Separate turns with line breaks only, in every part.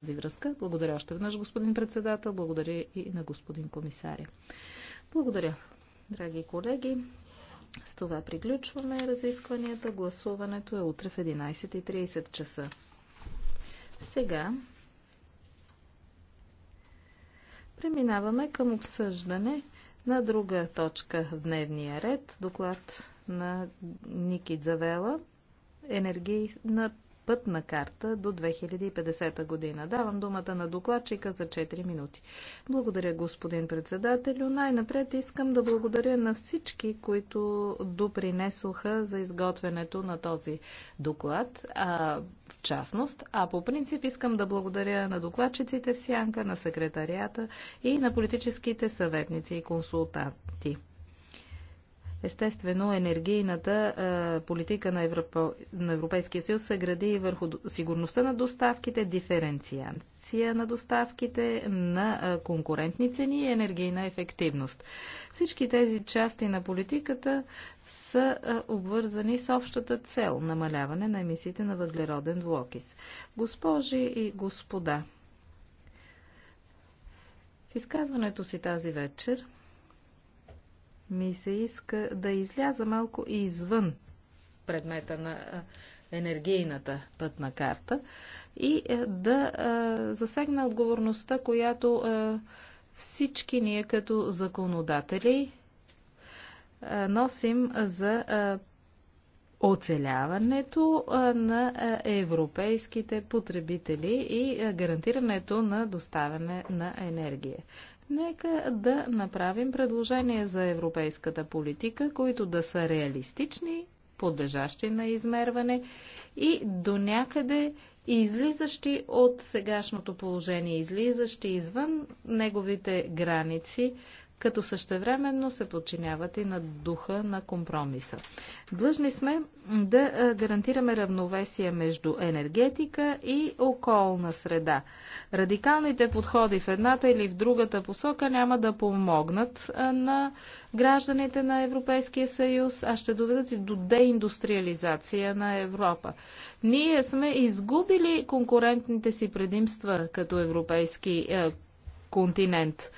тази връзка. Благодаря още веднъж, господин председател. Благодаря и на господин комисаря. Благодаря, драги колеги. С това приключваме разискванията. Гласуването е утре в 11.30 часа. Сега преминаваме към обсъждане на друга точка в дневния ред. Доклад на Ники Завела. Енергийна пътна карта до 2050 година. Давам думата на докладчика за 4 минути. Благодаря, господин председателю. Най-напред искам да благодаря на всички, които допринесоха за изготвянето на този доклад, а, в частност. А по принцип искам да благодаря на докладчиците в Сянка, на секретарията и на политическите съветници и консултанти. Естествено, енергийната а, политика на, Европа, на Европейския съюз се гради върху сигурността на доставките, диференциация на доставките, на а, конкурентни цени и енергийна ефективност. Всички тези части на политиката са а, обвързани с общата цел – намаляване на емисиите на въглероден двуокис. Госпожи и господа, в изказването си тази вечер – ми се иска да изляза малко извън предмета на енергийната пътна карта и да засегна отговорността, която всички ние като законодатели носим за оцеляването на европейските потребители и гарантирането на доставяне на енергия. Нека да направим предложения за европейската политика, които да са реалистични, подлежащи на измерване и до някъде излизащи от сегашното положение, излизащи извън неговите граници, като същевременно се подчиняват и на духа на компромиса. Длъжни сме да гарантираме равновесие между енергетика и околна среда. Радикалните подходи в едната или в другата посока няма да помогнат на гражданите на Европейския съюз, а ще доведат и до деиндустриализация на Европа. Ние сме изгубили конкурентните си предимства като европейски е, континент.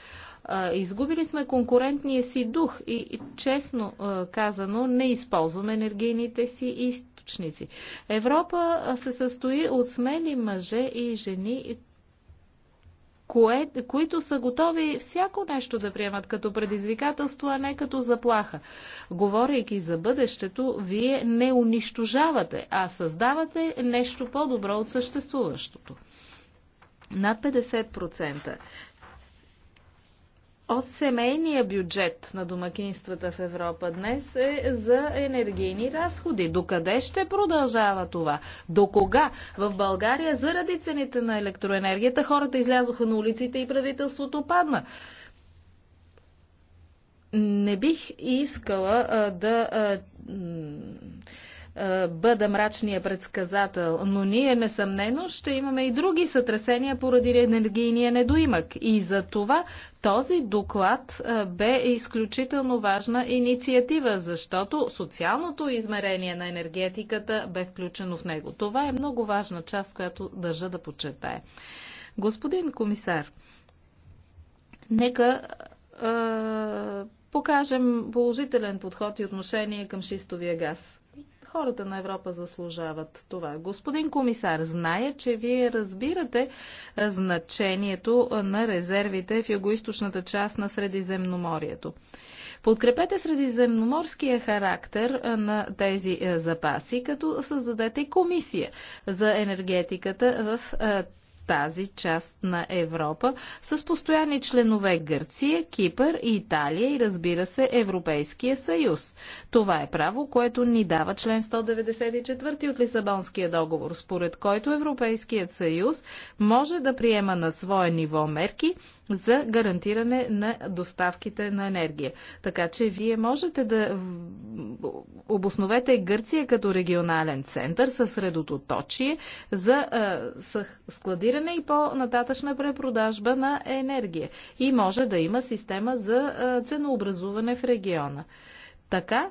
Изгубили сме конкурентния си дух и честно казано не използваме енергийните си източници. Европа се състои от смели мъже и жени, кое, които са готови всяко нещо да приемат като предизвикателство, а не като заплаха. Говорейки за бъдещето, вие не унищожавате, а създавате нещо по-добро от съществуващото. Над 50% от семейния бюджет на домакинствата в Европа днес е за енергийни разходи. До къде ще продължава това? До кога? В България заради цените на електроенергията хората излязоха на улиците и правителството падна. Не бих искала а, да. А, бъда мрачния предсказател, но ние несъмнено ще имаме и други сътресения поради енергийния недоимък. И за това този доклад бе изключително важна инициатива, защото социалното измерение на енергетиката бе включено в него. Това е много важна част, която държа да почетае. Господин комисар, нека е, покажем положителен подход и отношение към шистовия газ. Хората на Европа заслужават това. Господин комисар, зная, че вие разбирате значението на резервите в югоисточната част на Средиземноморието. Подкрепете средиземноморския характер на тези запаси, като създадете комисия за енергетиката в тази част на Европа с постоянни членове Гърция, Кипър, Италия и разбира се Европейския съюз. Това е право, което ни дава член 194 от Лисабонския договор, според който Европейският съюз може да приема на свое ниво мерки, за гарантиране на доставките на енергия. Така че вие можете да обосновете Гърция като регионален център, със средоточие за складиране и по-нататъчна препродажба на енергия. И може да има система за ценообразуване в региона. Така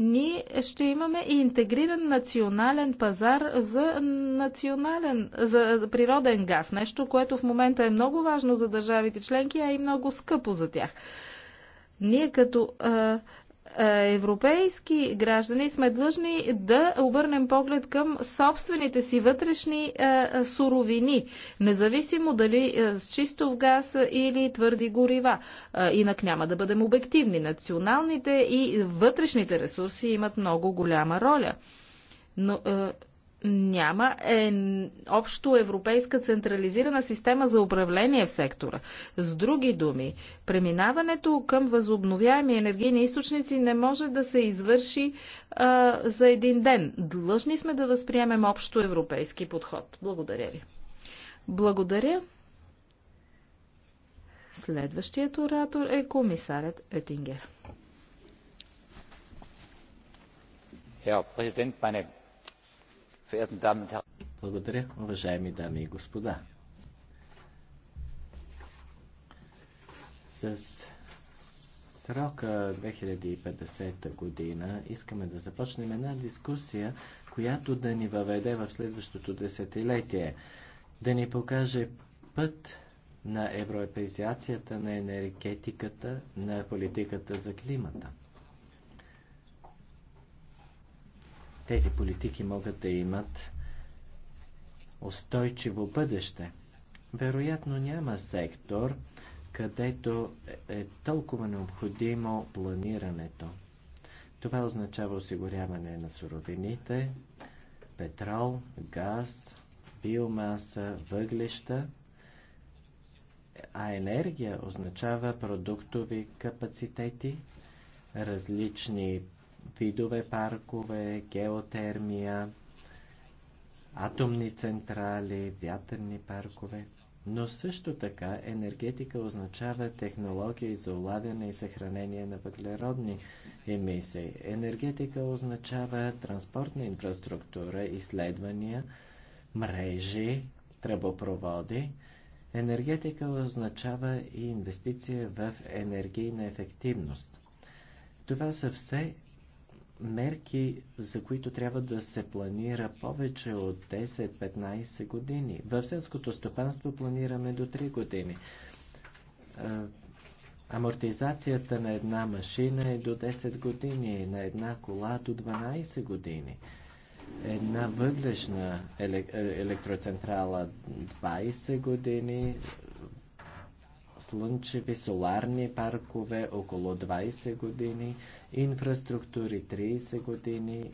ние ще имаме и интегриран национален пазар за, национален, за природен газ. Нещо, което в момента е много важно за държавите членки, а и много скъпо за тях. Ние като е, европейски граждани сме длъжни да обърнем поглед към собствените си вътрешни е, е, суровини, независимо дали с чистов газ или твърди горива. Инак няма да бъдем обективни. Националните и вътрешните ресурси имат много голяма роля. Но няма е общо европейска централизирана система за управление в сектора. С други думи, преминаването към възобновяеми енергийни източници не може да се извърши а, за един ден. Длъжни сме да възприемем общо европейски подход. Благодаря ви. Благодаря. Следващият оратор е комисарят Етингер.
Herr Präsident, meine благодаря, уважаеми дами и господа. С срока 2050 година искаме да започнем една дискусия, която да ни въведе в следващото десетилетие, да ни покаже път на европеизацията на енергетиката, на политиката за климата. тези политики могат да имат устойчиво бъдеще. Вероятно няма сектор, където е толкова необходимо планирането. Това означава осигуряване на суровините, петрол, газ, биомаса, въглища, а енергия означава продуктови капацитети, различни видове паркове, геотермия, атомни централи, вятърни паркове. Но също така енергетика означава технология за улавяне и съхранение на въглеродни емисии. Енергетика означава транспортна инфраструктура, изследвания, мрежи, тръбопроводи. Енергетика означава и инвестиция в енергийна ефективност. Това са все мерки, за които трябва да се планира повече от 10-15 години. В селското стопанство планираме до 3 години. Амортизацията на една машина е до 10 години, на една кола до 12 години. Една въглешна електроцентрала 20 години, слънчеви, соларни паркове около 20 години, инфраструктури 30 години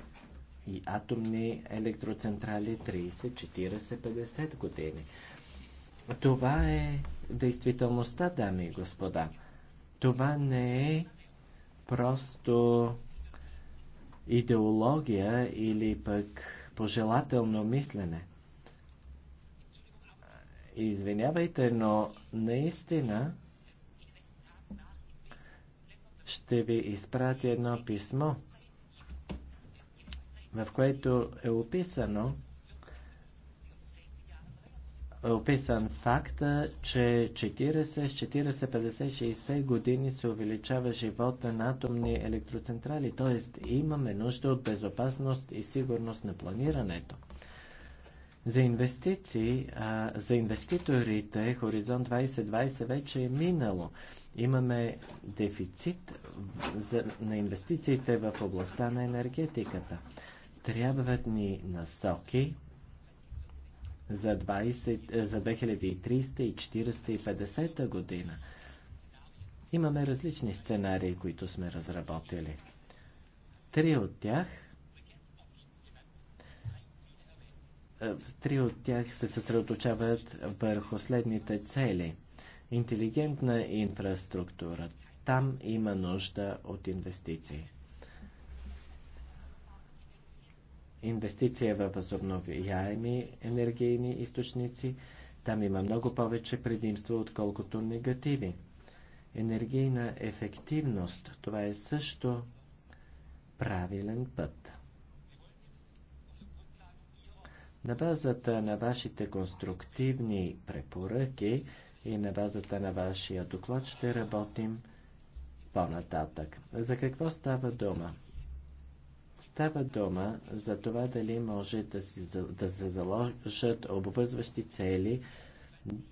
и атомни електроцентрали 30, 40, 50 години. Това е действителността, дами и господа. Това не е просто идеология или пък пожелателно мислене. Извинявайте, но наистина ще ви изпратя едно писмо, в което е описано е описан факта, че 40, 40, 50, 60 години се увеличава живота на атомни електроцентрали, т.е. имаме нужда от безопасност и сигурност на планирането. За инвестиции, а, за инвеститорите Хоризонт 2020 вече е минало. Имаме дефицит за, на инвестициите в областта на енергетиката. Трябват ни насоки за, 20, е, за 2300 и 40 и 50 година. Имаме различни сценарии, които сме разработили. Три от тях – Три от тях се съсредоточават върху следните цели. Интелигентна инфраструктура. Там има нужда от инвестиции. Инвестиция във възобновяеми енергийни източници. Там има много повече предимства, отколкото негативи. Енергийна ефективност. Това е също правилен път. На базата на вашите конструктивни препоръки и на базата на вашия доклад ще работим по-нататък. За какво става дума? Става дума за това дали може да, си, да се заложат обвързващи цели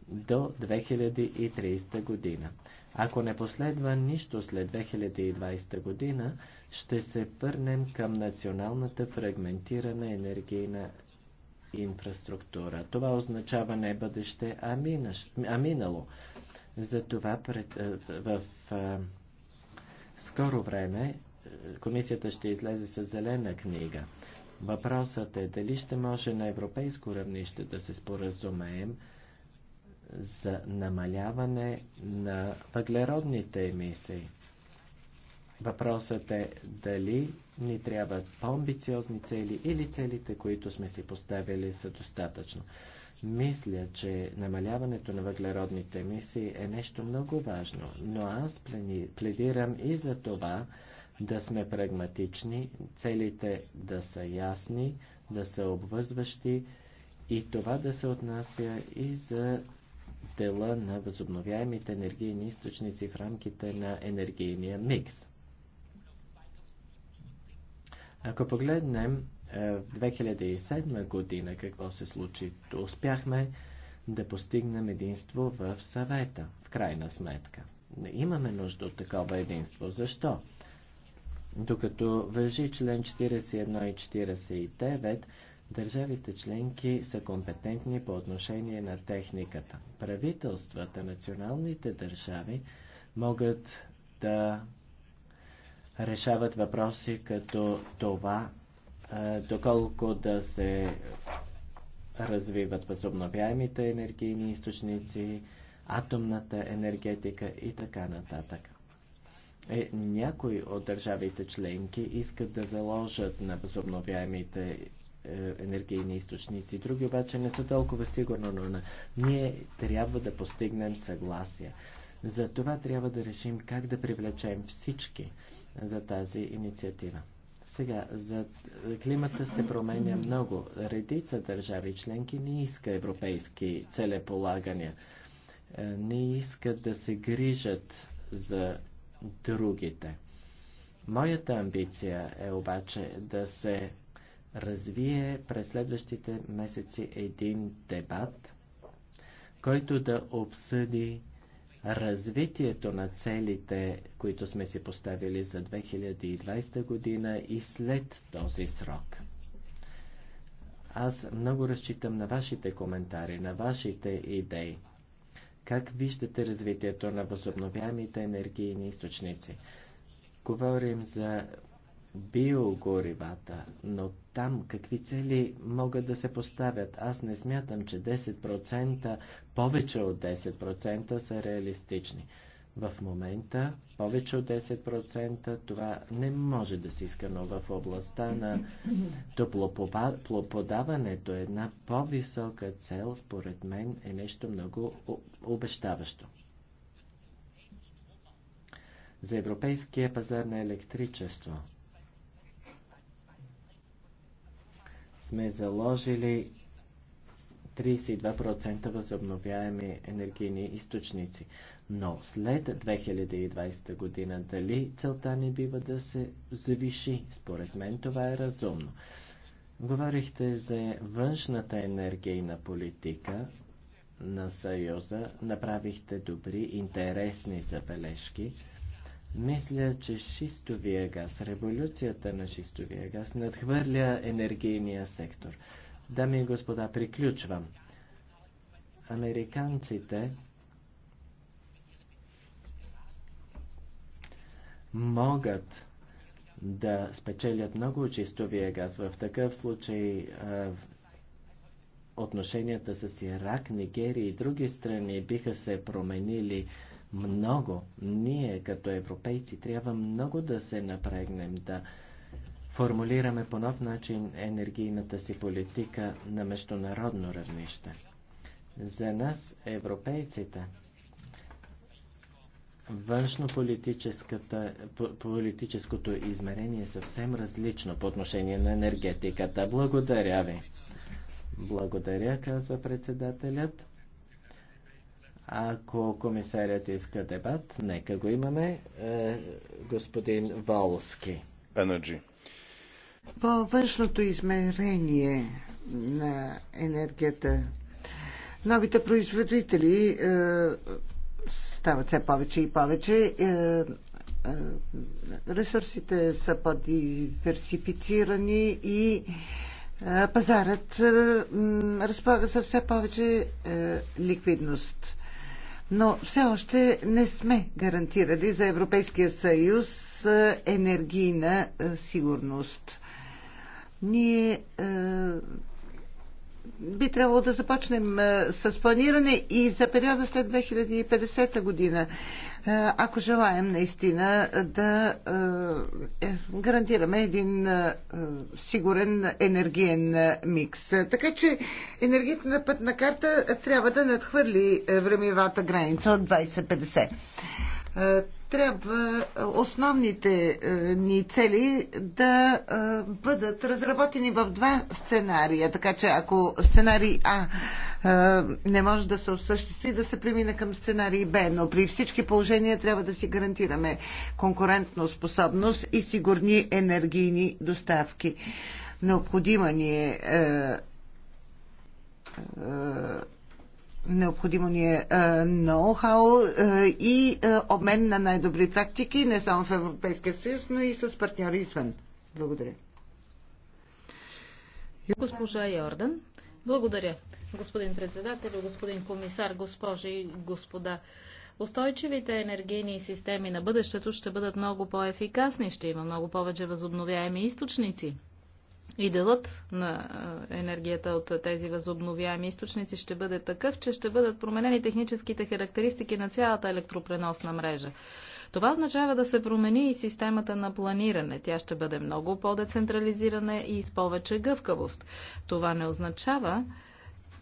до 2030 година. Ако не последва нищо след 2020 година, ще се върнем към националната фрагментирана енергийна инфраструктура. Това означава не бъдеще, а, минаш, а минало. Затова пред, е, в, в е, скоро време е, комисията ще излезе с зелена книга. Въпросът е дали ще може на европейско равнище да се споразумеем за намаляване на въглеродните емисии. Въпросът е дали ни трябват по-амбициозни цели или целите, които сме си поставили са достатъчно. Мисля, че намаляването на въглеродните емисии е нещо много важно, но аз пледирам и за това да сме прагматични, целите да са ясни, да са обвързващи и това да се отнася и за дела на възобновяемите енергийни източници в рамките на енергийния микс. Ако погледнем е, в 2007 година какво се случи, успяхме да постигнем единство в съвета, в крайна сметка. Имаме нужда от такова единство. Защо? Докато въжи член 41 и 49, държавите членки са компетентни по отношение на техниката. Правителствата, националните държави могат да решават въпроси като това, доколко да се развиват възобновяемите енергийни източници, атомната енергетика и така нататък. Е, някои от държавите членки искат да заложат на възобновяемите е, енергийни източници, други обаче не са толкова сигурно, но ние трябва да постигнем съгласие. За това трябва да решим как да привлечем всички за тази инициатива. Сега, за климата се променя много. Редица държави членки не иска европейски целеполагания. Е, не искат да се грижат за другите. Моята амбиция е обаче да се развие през следващите месеци един дебат, който да обсъди развитието на целите, които сме си поставили за 2020 година и след този срок. Аз много разчитам на вашите коментари, на вашите идеи. Как виждате развитието на възобновяемите енергийни източници? Говорим за биогоривата, но там какви цели могат да се поставят? Аз не смятам, че 10%, повече от 10% са реалистични. В момента повече от 10% това не може да се иска, но в областта на топлоподаването една по-висока цел, според мен, е нещо много обещаващо. За европейския пазар на електричество – сме заложили 32% възобновяеми енергийни източници. Но след 2020 година дали целта не бива да се завиши? Според мен това е разумно. Говорихте за външната енергийна политика на Съюза, направихте добри, интересни забележки. Мисля, че шистовия газ, революцията на шистовия газ надхвърля енергийния сектор. Дами и господа, приключвам. Американците могат да спечелят много от чистовия газ. В такъв случай отношенията с Ирак, Нигерия и други страни биха се променили много. Ние като европейци трябва много да се напрегнем, да формулираме по нов начин енергийната си политика на международно равнище. За нас, европейците, външно-политическото измерение е съвсем различно по отношение на енергетиката. Благодаря ви. Благодаря, казва председателят. Ако комисарят иска дебат, нека го имаме. Е, господин Волски. Energy.
По външното измерение на енергията, новите производители е, стават все повече и повече. Е, е, ресурсите са по-диверсифицирани и е, пазарът е, разполага с все повече е, ликвидност но все още не сме гарантирали за Европейския съюз е, енергийна е, сигурност. Ние е, би трябвало да започнем е, с планиране и за периода след 2050 година, е, ако желаем наистина да е, гарантираме един сигурен енергиен микс. Така че на пътна карта трябва да надхвърли времевата граница от 2050 трябва основните е, ни цели да е, бъдат разработени в два сценария. Така че ако сценарий А е, не може да се осъществи, да се премине към сценарий Б. Но при всички положения трябва да си гарантираме конкурентно способност и сигурни енергийни доставки. Необходима ни е Необходимо ни е, е ноу-хау е, и е, обмен на най-добри практики, не само в Европейския съюз, но и с партньори извън. Благодаря. Госпожа Йордан.
Благодаря, господин председател, господин комисар, госпожи и господа. Устойчивите енергийни системи на бъдещето ще бъдат много по-ефикасни, ще има много повече възобновяеми източници и делът на енергията от тези възобновяеми източници ще бъде такъв, че ще бъдат променени техническите характеристики на цялата електропреносна мрежа. Това означава да се промени и системата на планиране. Тя ще бъде много по-децентрализирана и с повече гъвкавост. Това не означава,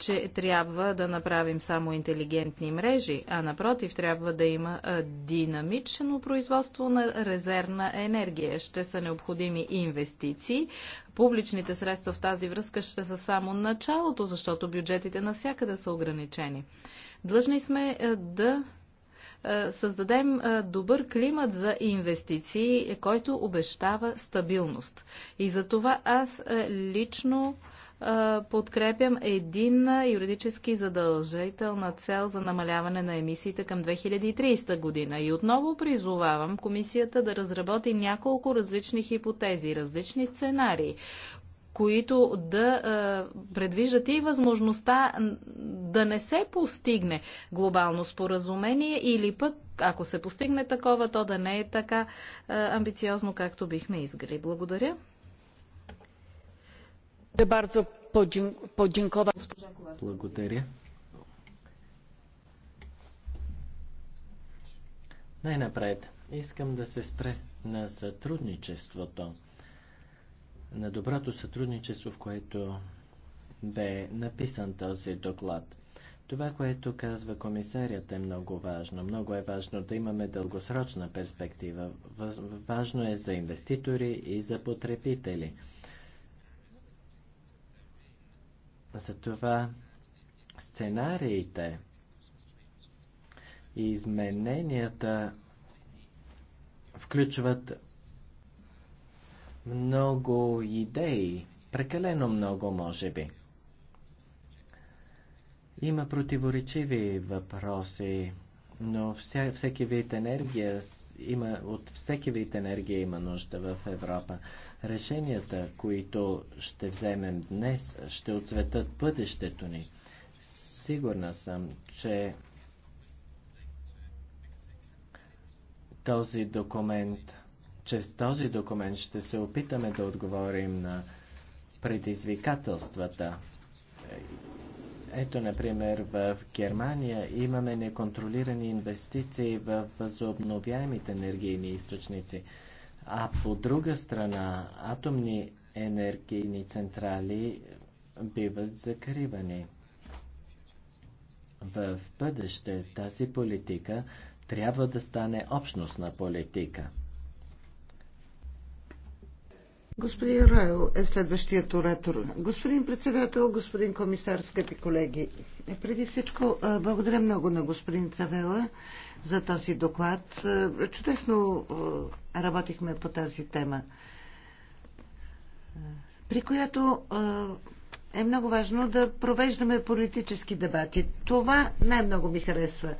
че трябва да направим само интелигентни мрежи, а напротив, трябва да има динамично производство на резервна енергия. Ще са необходими инвестиции. Публичните средства в тази връзка ще са само началото, защото бюджетите навсякъде са ограничени. Длъжни сме да създадем добър климат за инвестиции, който обещава стабилност. И за това аз лично подкрепям единна юридически задължителна цел за намаляване на емисиите към 2030 година. И отново призовавам комисията да разработи няколко различни хипотези, различни сценарии, които да а, предвиждат и възможността да не се постигне глобално споразумение или пък, ако се постигне такова, то да не е така а, амбициозно, както бихме изграли. Благодаря.
Благодаря. Най-напред искам да се спре на сътрудничеството, на доброто сътрудничество, в което бе написан този доклад. Това, което казва комисарят е много важно. Много е важно да имаме дългосрочна перспектива. Важно е за инвеститори и за потребители. Затова сценариите и измененията включват много идеи, прекалено много, може би. Има противоречиви въпроси, но вся, всеки вид енергия има, от всеки вид енергия има нужда в Европа. Решенията, които ще вземем днес, ще отцветат бъдещето ни. Сигурна съм, че този документ, че с този документ ще се опитаме да отговорим на предизвикателствата. Ето, например, в Германия имаме неконтролирани инвестиции в възобновяемите енергийни източници. А по друга страна, атомни енергийни централи биват закривани. В бъдеще тази политика трябва да стане общностна политика. Господин Райл е
следващият оратор. Господин председател, господин комисар, скъпи колеги. Преди всичко, благодаря много на господин Цавела за този доклад. Чудесно работихме по тази тема, при която е много важно да провеждаме политически дебати. Това най-много ми харесва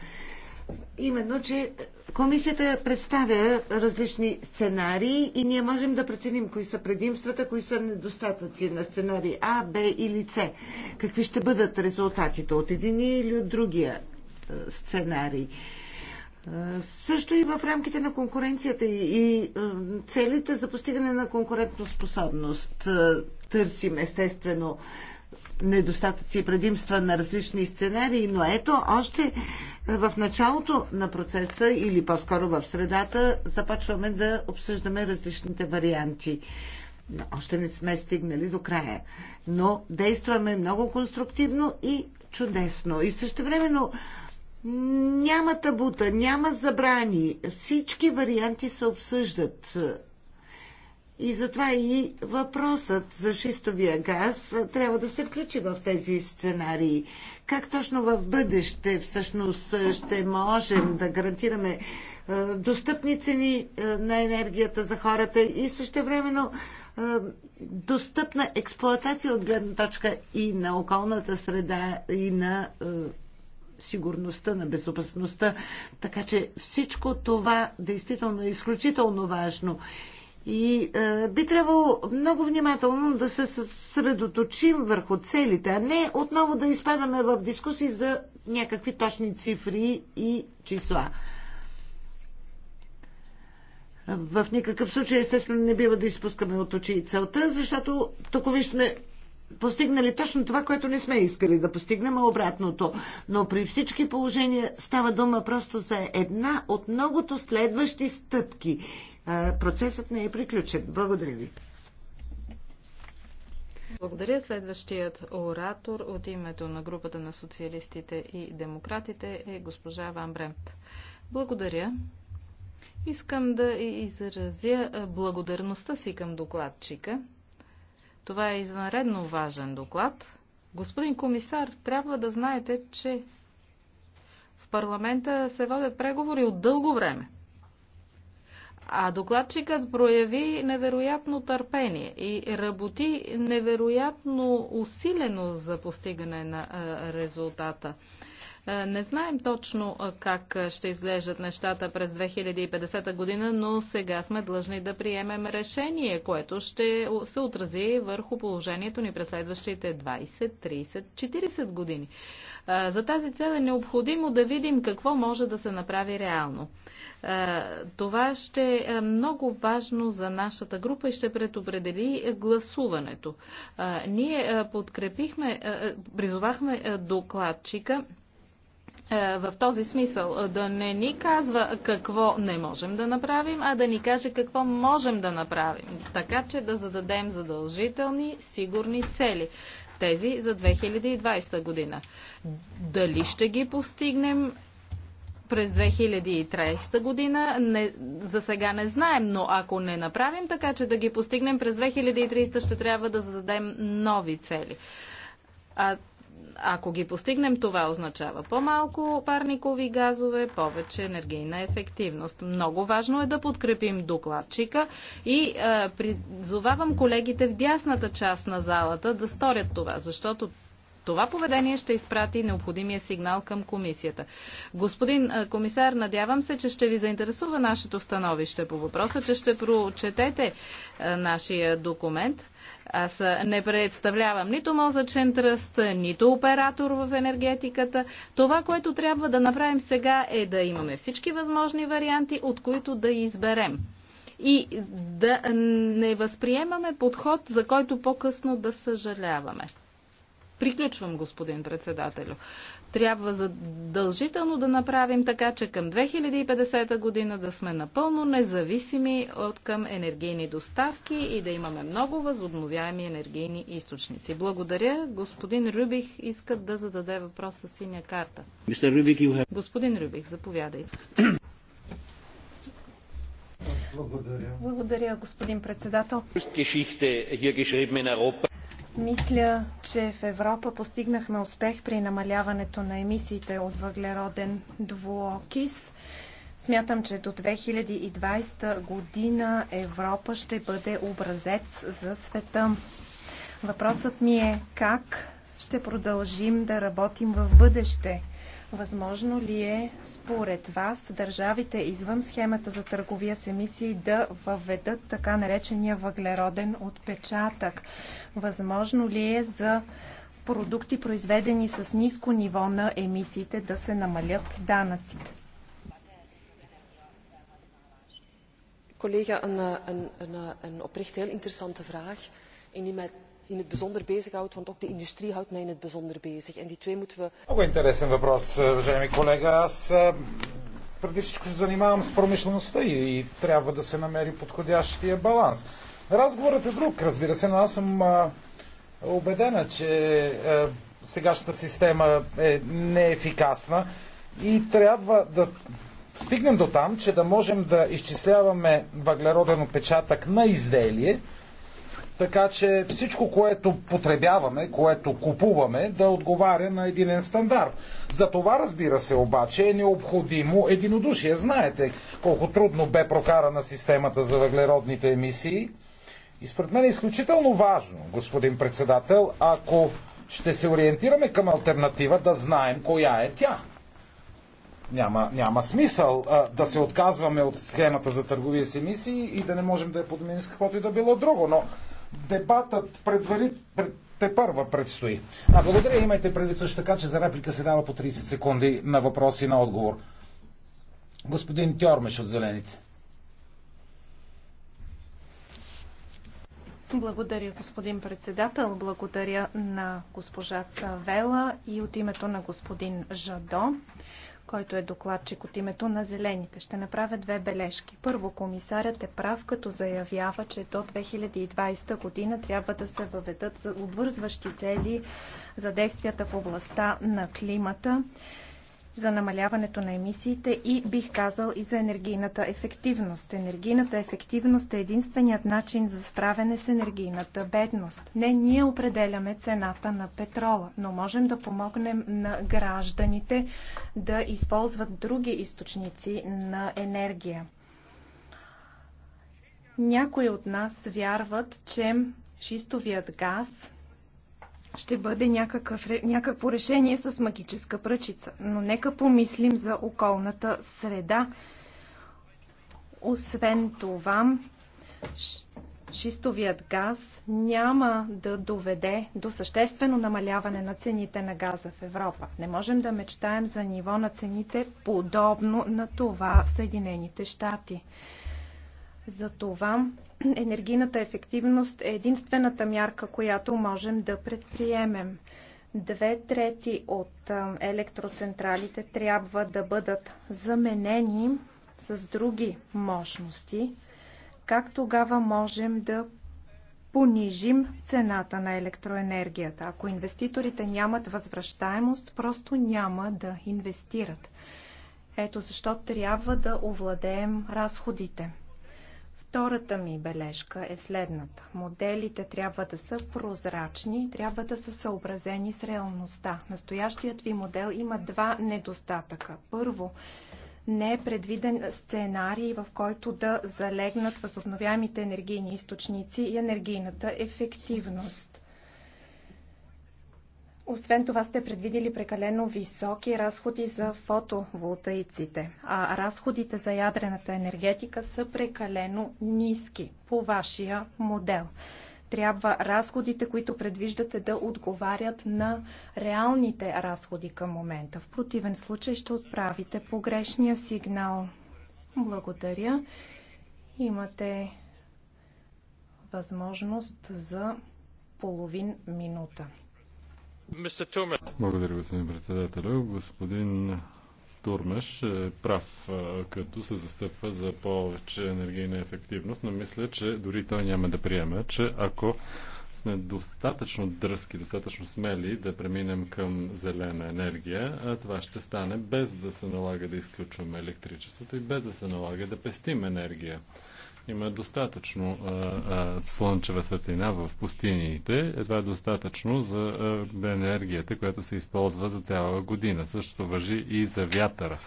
именно, че комисията представя различни сценарии и ние можем да преценим кои са предимствата, кои са недостатъци на сценарии А, Б или С. Какви ще бъдат резултатите от единия или от другия е, сценарий. Е, също и в рамките на конкуренцията и е, целите за постигане на конкурентоспособност търсим естествено недостатъци и предимства на различни сценарии, но ето още в началото на процеса или по-скоро в средата започваме да обсъждаме различните варианти. Още не сме стигнали до края, но действаме много конструктивно и чудесно. И също времено няма табута, няма забрани. Всички варианти се обсъждат и затова и въпросът за шистовия газ трябва да се включи в тези сценарии. Как точно в бъдеще всъщност ще можем да гарантираме е, достъпни цени е, на енергията за хората и времено е, достъпна експлоатация от гледна точка и на околната среда, и на сигурността, на безопасността. Така че всичко това действително е изключително важно. И е, би трябвало много внимателно да се съсредоточим върху целите, а не отново да изпадаме в дискусии за някакви точни цифри и числа. В никакъв случай, естествено, не бива да изпускаме от очи и целта, защото тук виж сме постигнали точно това, което не сме искали да постигнем, а обратното. Но при всички положения става дума просто за една от многото следващи стъпки. Процесът не е приключен. Благодаря ви.
Благодаря. Следващият оратор от името на групата на социалистите и демократите е госпожа Ван Бремт. Благодаря. Искам да изразя благодарността си към докладчика. Това е извънредно важен доклад. Господин комисар, трябва да знаете, че в парламента се водят преговори от дълго време. А докладчикът прояви невероятно търпение и работи невероятно усилено за постигане на резултата. Е, не знаем точно е, как е, ще изглеждат нещата през 2050 година, но сега сме длъжни да приемем решение, което ще се отрази върху положението ни през следващите 20, 30, 40 години. За тази цел е необходимо да видим какво може да се направи реално. Това ще е много важно за нашата група и ще предопредели гласуването. Ние подкрепихме, призовахме докладчика е, в този смисъл е, да не ни казва какво не можем да направим, а да ни каже какво можем да направим, така че да зададем задължителни, сигурни цели. Тези за 2020 година. Дали ще ги постигнем през 2030 година, не, за сега не знаем, но ако не направим така, че да ги постигнем през 2030, ще трябва да зададем нови цели. А ако ги постигнем, това означава по-малко парникови газове, повече енергийна ефективност. Много важно е да подкрепим докладчика и а, е, призовавам колегите в дясната част на залата да сторят това, защото това поведение ще изпрати необходимия сигнал към комисията. Господин е, комисар, надявам се, че ще ви заинтересува нашето становище по въпроса, че ще прочетете е, нашия документ. Аз не представлявам нито мозъчен тръст, нито оператор в енергетиката. Това, което трябва да направим сега е да имаме всички възможни варианти, от които да изберем. И да не възприемаме подход, за който по-късно да съжаляваме. Приключвам, господин председателю трябва задължително да направим така, че към 2050 година да сме напълно независими от към енергийни доставки и да имаме много възобновяеми енергийни източници. Благодаря. Господин Рюбих иска да зададе въпрос с синя карта. Господин Рюбих, заповядайте. Благодаря. Благодаря, господин председател.
Мисля, че в Европа постигнахме успех при намаляването на емисиите от въглероден двуокис. Смятам, че до 2020 година Европа ще бъде образец за света. Въпросът ми е как ще продължим да работим в бъдеще Възможно ли е според вас държавите извън схемата за търговия с емисии да въведат така наречения въглероден отпечатък? Възможно ли е за продукти, произведени с ниско ниво на емисиите, да се намалят данъците?
Collega,
една, een, een, een oprecht heel interessante in het bijzonder bezighoudt, want ook de industrie houdt mij in het bijzonder bezig. En die twee moeten we...
Много интересен въпрос, уважаеми колега. Аз eh, преди всичко се занимавам с промишлеността и, и трябва да се намери подходящия баланс. Разговорът е друг, разбира се, но аз съм а, убедена, че а, е, сегашната система е неефикасна и трябва да стигнем до там, че да можем да изчисляваме въглероден отпечатък на изделие, така че всичко, което потребяваме, което купуваме, да отговаря на единен стандарт. За това, разбира се, обаче е необходимо единодушие. Знаете колко трудно бе прокарана системата за въглеродните емисии. И според мен е изключително важно, господин председател, ако ще се ориентираме към альтернатива, да знаем коя е тя. Няма, няма смисъл а, да се отказваме от схемата за търговия с емисии и да не можем да я подменим с каквото и да било друго. Но дебатът предварит, пред, те първа предстои. А благодаря, имайте предвид също така, че за реплика се дава по 30 секунди на въпроси и на отговор. Господин Тьормеш от Зелените.
Благодаря, господин председател. Благодаря на госпожа Цавела и от името на господин Жадо който е докладчик от името на Зелените. Ще направя две бележки. Първо, комисарят е прав, като заявява, че до 2020 година трябва да се въведат обвързващи цели за действията в областта на климата за намаляването на емисиите и бих казал и за енергийната ефективност. Енергийната ефективност е единственият начин за справяне с енергийната бедност. Не ние определяме цената на петрола, но можем да помогнем на гражданите да използват други източници на енергия. Някои от нас вярват, че шистовият газ ще бъде някакъв, някакво решение с магическа пръчица. Но нека помислим за околната среда. Освен това, шистовият газ няма да доведе до съществено намаляване на цените на газа в Европа. Не можем да мечтаем за ниво на цените подобно на това в Съединените щати. Затова енергийната ефективност е единствената мярка, която можем да предприемем. Две трети от електроцентралите трябва да бъдат заменени с други мощности. Как тогава можем да понижим цената на електроенергията? Ако инвеститорите нямат възвръщаемост, просто няма да инвестират. Ето защо трябва да овладеем разходите. Втората ми бележка е следната. Моделите трябва да са прозрачни, трябва да са съобразени с реалността. Настоящият ви модел има два недостатъка. Първо, не е предвиден сценарий, в който да залегнат възобновяемите енергийни източници и енергийната ефективност. Освен това сте предвидили прекалено високи разходи за фотоволтаиците, а разходите за ядрената енергетика са прекалено ниски по вашия модел. Трябва разходите, които предвиждате да отговарят на реалните разходи към момента. В противен случай ще отправите погрешния сигнал. Благодаря. Имате възможност за половин минута.
Благодаря, господин председател. Господин Турмеш е прав, като се застъпва за повече енергийна ефективност, но мисля, че дори той няма да приеме, че ако сме достатъчно дръзки, достатъчно смели да преминем към зелена енергия, това ще стане без да се налага да изключваме електричеството и без да се налага да пестим енергия. Има достатъчно а, а, слънчева светлина в пустините. Едва е достатъчно за а, енергията, която се използва за цяла година. Същото въжи и за вятъра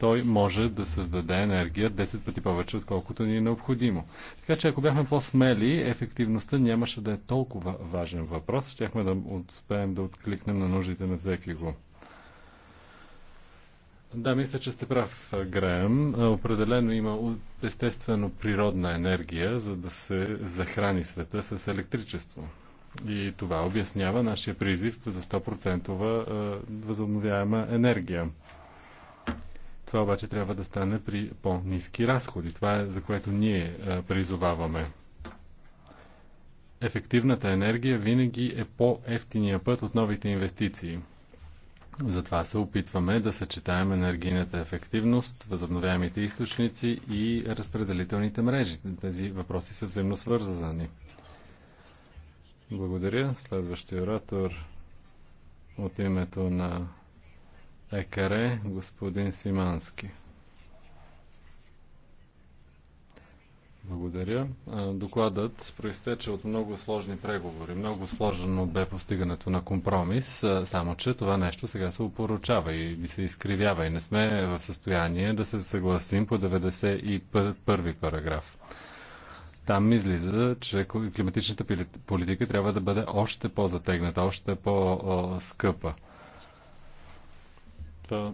той може да създаде енергия 10 пъти повече, отколкото ни е необходимо. Така че ако бяхме по-смели, ефективността нямаше да е толкова важен въпрос. Щяхме да успеем да откликнем на нуждите на всеки го. Да, мисля, че сте прав, Греем. Определено има естествено природна енергия, за да се захрани света с електричество. И това обяснява нашия призив за 100% възобновяема енергия. Това обаче трябва да стане при по-низки разходи. Това е за което ние призоваваме. Ефективната енергия винаги е по-ефтиния път от новите инвестиции. Затова се опитваме да съчетаем енергийната ефективност, възобновяемите източници и разпределителните мрежи. Тези въпроси са взаимно свързани. Благодаря. Следващия оратор от името на ЕКР, господин Симански. Благодаря. Докладът проистече от много сложни преговори. Много сложно бе постигането на компромис, само че това нещо сега се опоручава и се изкривява и не сме в състояние да се съгласим по 91 параграф. Там излиза, че климатичната политика трябва да бъде още по-затегната, още по-скъпа. Това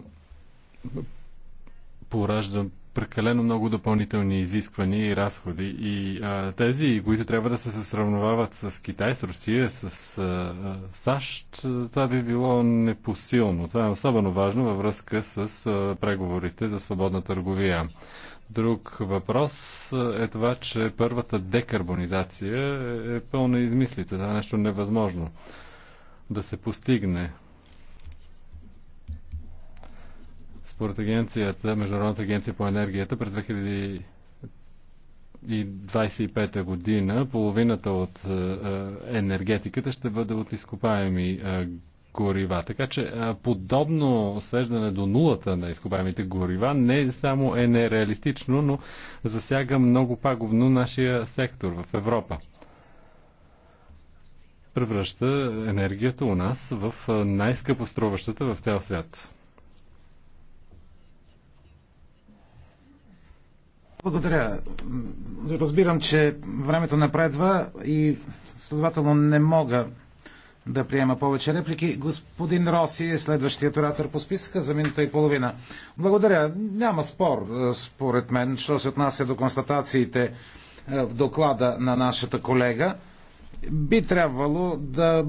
поражда прекалено много допълнителни изисквания и разходи. И а, тези, които трябва да се сравновават с Китай, с Русия, с а, САЩ, това би било непосилно. Това е особено важно във връзка с а, преговорите за свободна търговия. Друг въпрос е това, че първата декарбонизация е, е пълна измислица. Това е нещо невъзможно да се постигне. Според агенцията, Международната агенция по енергията през 2025 година половината от е, е, енергетиката ще бъде от изкопаеми е, горива. Така че подобно свеждане до нулата на изкопаемите горива не само е нереалистично, но засяга много пагубно нашия сектор в Европа. Превръща енергията у нас в най-скъпоструващата в цял свят.
Благодаря. Разбирам, че времето напредва и следователно не мога да приема повече реплики. Господин Роси е следващият оратор по списъка за минута и половина. Благодаря. Няма спор, е, според мен, що се отнася до констатациите е, в доклада на нашата колега. Би трябвало да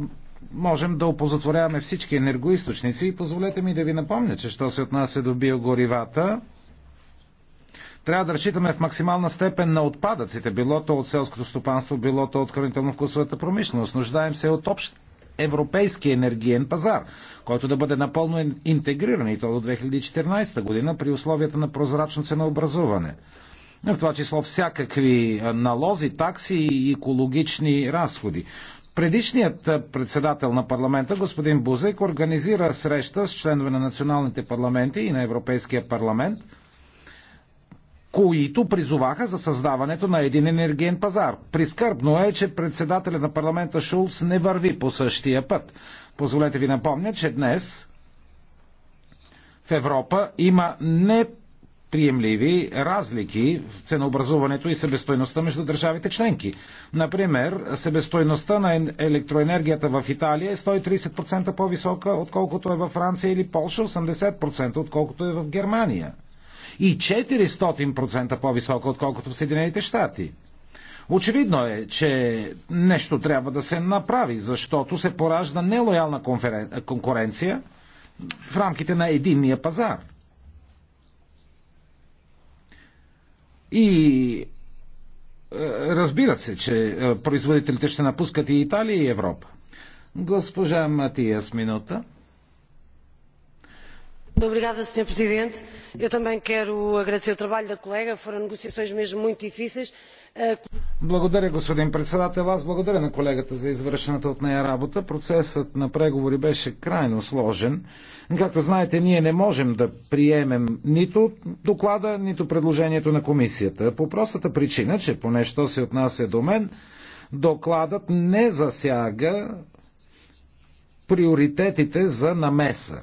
можем да опозотворяваме всички енергоисточници и позволете ми да ви напомня, че що се отнася до биогоривата, трябва да разчитаме в максимална степен на отпадъците, било то от селското стопанство, било то от хранително-вкусовата промишленост. Нуждаем се от общ европейски енергиен пазар, който да бъде напълно интегриран и то до 2014 година при условията на прозрачно ценообразуване. В това число всякакви налози, такси и екологични разходи. Предишният председател на парламента, господин Бузек, организира среща с членове на националните парламенти и на Европейския парламент – които призоваха за създаването на един енергиен пазар. Прискърбно е, че председателя на парламента Шулц не върви по същия път. Позволете ви напомня, че днес в Европа има неприемливи разлики в ценообразуването и себестойността между държавите членки. Например, себестойността на електроенергията в Италия е 130% по-висока, отколкото е във Франция или Польша, 80% отколкото е в Германия – и 400% по-висока, отколкото в Съединените щати. Очевидно е, че нещо трябва да се направи, защото се поражда нелоялна конферен... конкуренция в рамките на единния пазар. И е, разбира се, че е, производителите ще напускат и Италия и Европа. Госпожа с минута
senhor presidente eu também quero agradecer o trabalho da colega foram negociações mesmo muito difíceis.
Благодаря, господин председател. Аз благодаря на колегата за извършената от нея работа. Процесът на преговори беше крайно сложен. Както знаете, ние не можем да приемем нито доклада, нито предложението на комисията. По простата причина, че поне що се отнася до мен, докладът не засяга приоритетите за намеса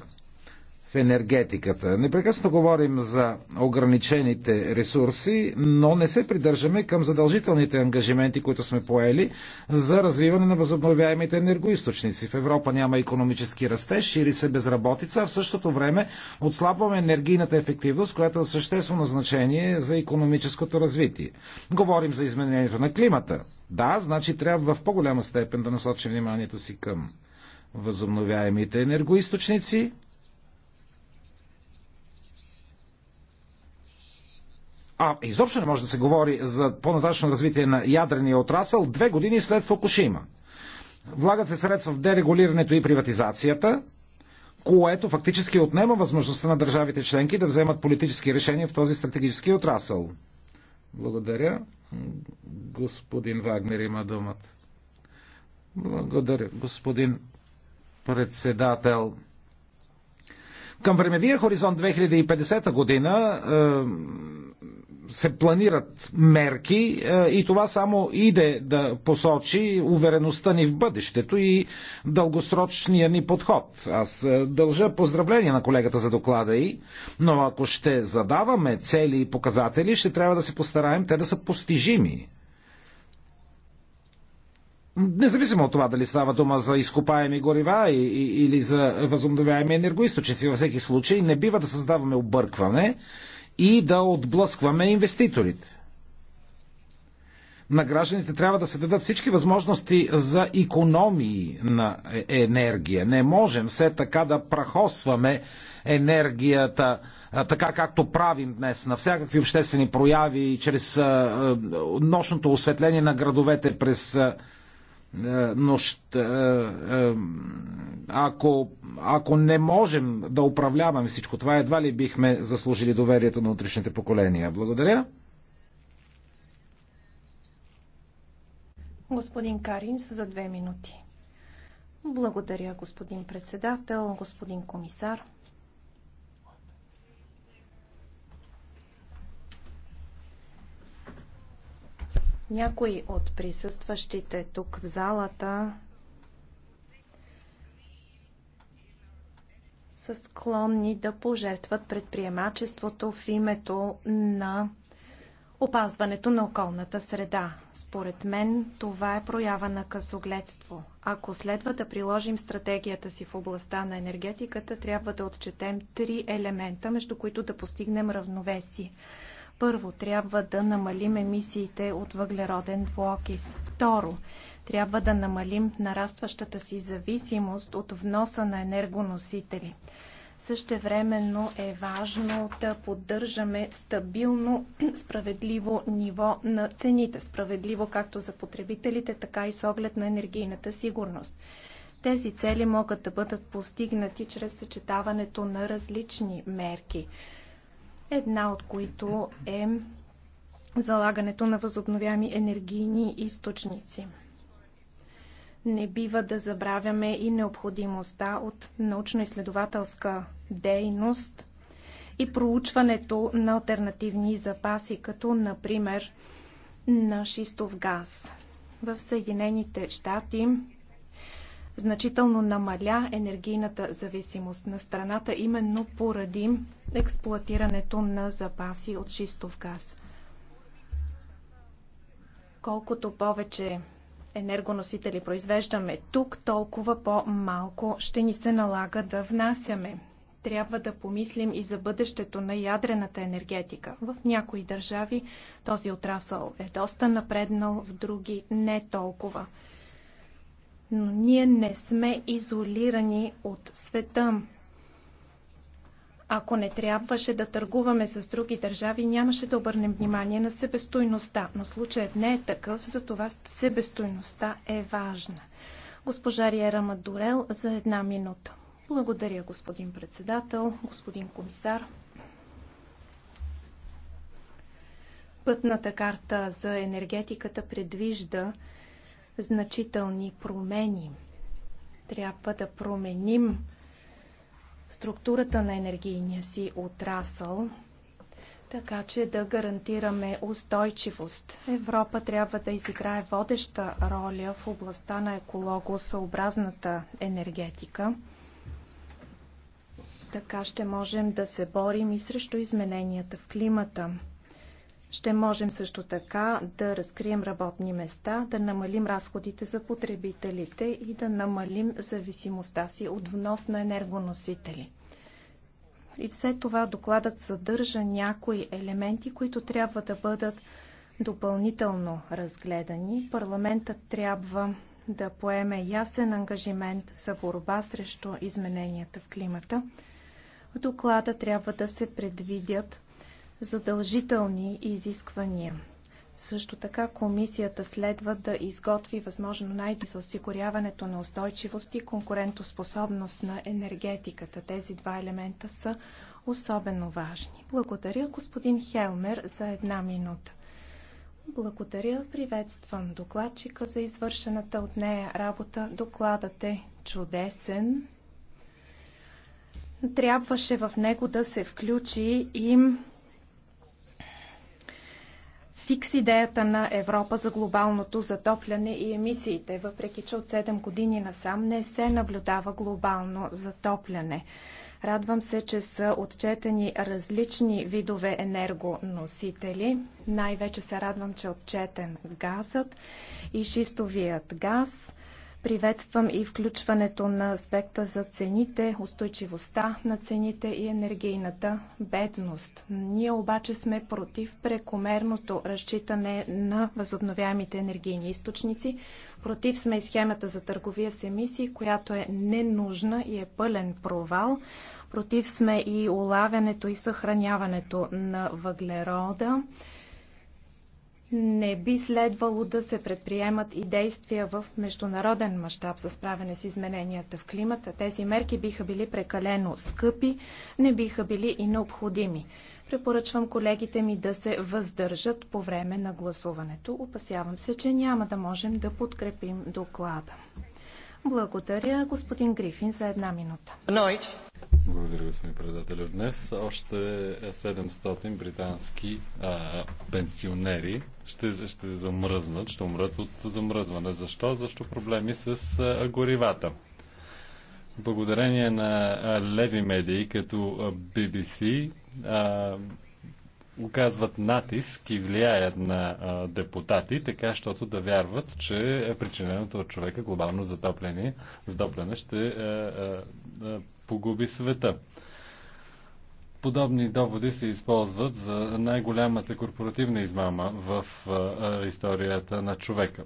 в енергетиката. Непрекъснато говорим за ограничените ресурси, но не се придържаме към задължителните ангажименти, които сме поели за развиване на възобновяемите енергоисточници. В Европа няма економически растеж, шири се безработица, а в същото време отслабваме енергийната ефективност, която е от съществено значение за економическото развитие. Говорим за изменението на климата. Да, значи трябва в по-голяма степен да насочим вниманието си към възобновяемите енергоисточници, а изобщо не може да се говори за по натачно развитие на ядрения отрасъл две години след Фукушима. Влагат се средства в дерегулирането и приватизацията, което фактически отнема възможността на държавите членки да вземат политически решения в този стратегически отрасъл. Благодаря. Господин Вагнер има думата. Благодаря, господин председател. Към времевия хоризонт 2050 година се планират мерки е, и това само иде да посочи увереността ни в бъдещето и дългосрочния ни подход. Аз е, дължа поздравления на колегата за доклада и, но ако ще задаваме цели и показатели, ще трябва да се постараем те да са постижими. Независимо от това дали става дума за изкопаеми горива и, и, или за възобновяеми енергоисточници, във всеки случай не бива да създаваме объркване, и да отблъскваме инвеститорите. На гражданите трябва да се дадат всички възможности за економии на е, енергия. Не можем все така да прахосваме енергията така както правим днес на всякакви обществени прояви, чрез нощното осветление на градовете през нощ. Е, е, ако, ако не можем да управляваме всичко това, едва ли бихме заслужили доверието на утрешните поколения. Благодаря.
Господин Каринс за две минути. Благодаря, господин председател, господин комисар. Някои от присъстващите тук в залата са склонни да пожертват предприемачеството в името на опазването на околната среда. Според мен това е проява на късогледство. Ако следва да приложим стратегията си в областта на енергетиката, трябва да отчетем три елемента, между които да постигнем равновесие. Първо, трябва да намалим емисиите от въглероден двуокис. Второ, трябва да намалим нарастващата си зависимост от вноса на енергоносители. Същевременно е важно да поддържаме стабилно, справедливо ниво на цените. Справедливо както за потребителите, така и с оглед на енергийната сигурност. Тези цели могат да бъдат постигнати чрез съчетаването на различни мерки една от които е залагането на възобновяеми енергийни източници. Не бива да забравяме и необходимостта от научно-изследователска дейност и проучването на альтернативни запаси, като например на шистов газ. В Съединените щати значително намаля енергийната зависимост на страната именно поради експлуатирането на запаси от шистов газ. Колкото повече енергоносители произвеждаме тук, толкова по-малко ще ни се налага да внасяме. Трябва да помислим и за бъдещето на ядрената енергетика. В някои държави този отрасъл е доста напреднал, в други не толкова но ние не сме изолирани от света. Ако не трябваше да търгуваме с други държави, нямаше да обърнем внимание на себестойността, но случаят не е такъв, затова себестойността е важна. Госпожа Риера Мадурел за една минута. Благодаря, господин председател, господин комисар. Пътната карта за енергетиката предвижда значителни промени. Трябва да променим структурата на енергийния си отрасъл, така че да гарантираме устойчивост. Европа трябва да изиграе водеща роля в областта на екологосъобразната енергетика. Така ще можем да се борим и срещу измененията в климата. Ще можем също така да разкрием работни места, да намалим разходите за потребителите и да намалим зависимостта си от внос на енергоносители. И все това докладът съдържа някои елементи, които трябва да бъдат допълнително разгледани. Парламентът трябва да поеме ясен ангажимент за борба срещу измененията в климата. В доклада трябва да се предвидят задължителни изисквания. Също така комисията следва да изготви възможно най за осигуряването на устойчивост и конкурентоспособност на енергетиката. Тези два елемента са особено важни. Благодаря господин Хелмер за една минута. Благодаря, приветствам докладчика за извършената от нея работа. Докладът е чудесен. Трябваше в него да се включи и фикс идеята на Европа за глобалното затопляне и емисиите, въпреки че от 7 години насам не се наблюдава глобално затопляне. Радвам се, че са отчетени различни видове енергоносители. Най-вече се радвам, че е отчетен газът и шистовият газ. Приветствам и включването на аспекта за цените, устойчивостта на цените и енергийната бедност. Ние обаче сме против прекомерното разчитане на възобновяемите енергийни източници. Против сме и схемата за търговия с емисии, която е ненужна и е пълен провал. Против сме и улавянето и съхраняването на въглерода не би следвало да се предприемат и действия в международен мащаб за справяне с измененията в климата. Тези мерки биха били прекалено скъпи, не биха били и необходими. Препоръчвам колегите ми да се въздържат по време на гласуването. Опасявам се, че няма да можем да подкрепим доклада. Благодаря, господин Грифин, за една минута.
Нойч. Благодаря, господин председател. Днес още 700 е британски а, пенсионери ще, ще замръзнат, ще умрат от замръзване. Защо? Защо проблеми с а, горивата. Благодарение на а, леви медии като BBC, а, оказват натиск и влияят на а, депутати, така, защото да вярват, че причиненото от човека глобално затопление, затопляне ще а, а, погуби света. Подобни доводи се използват за най-голямата корпоративна измама в а, историята на човека.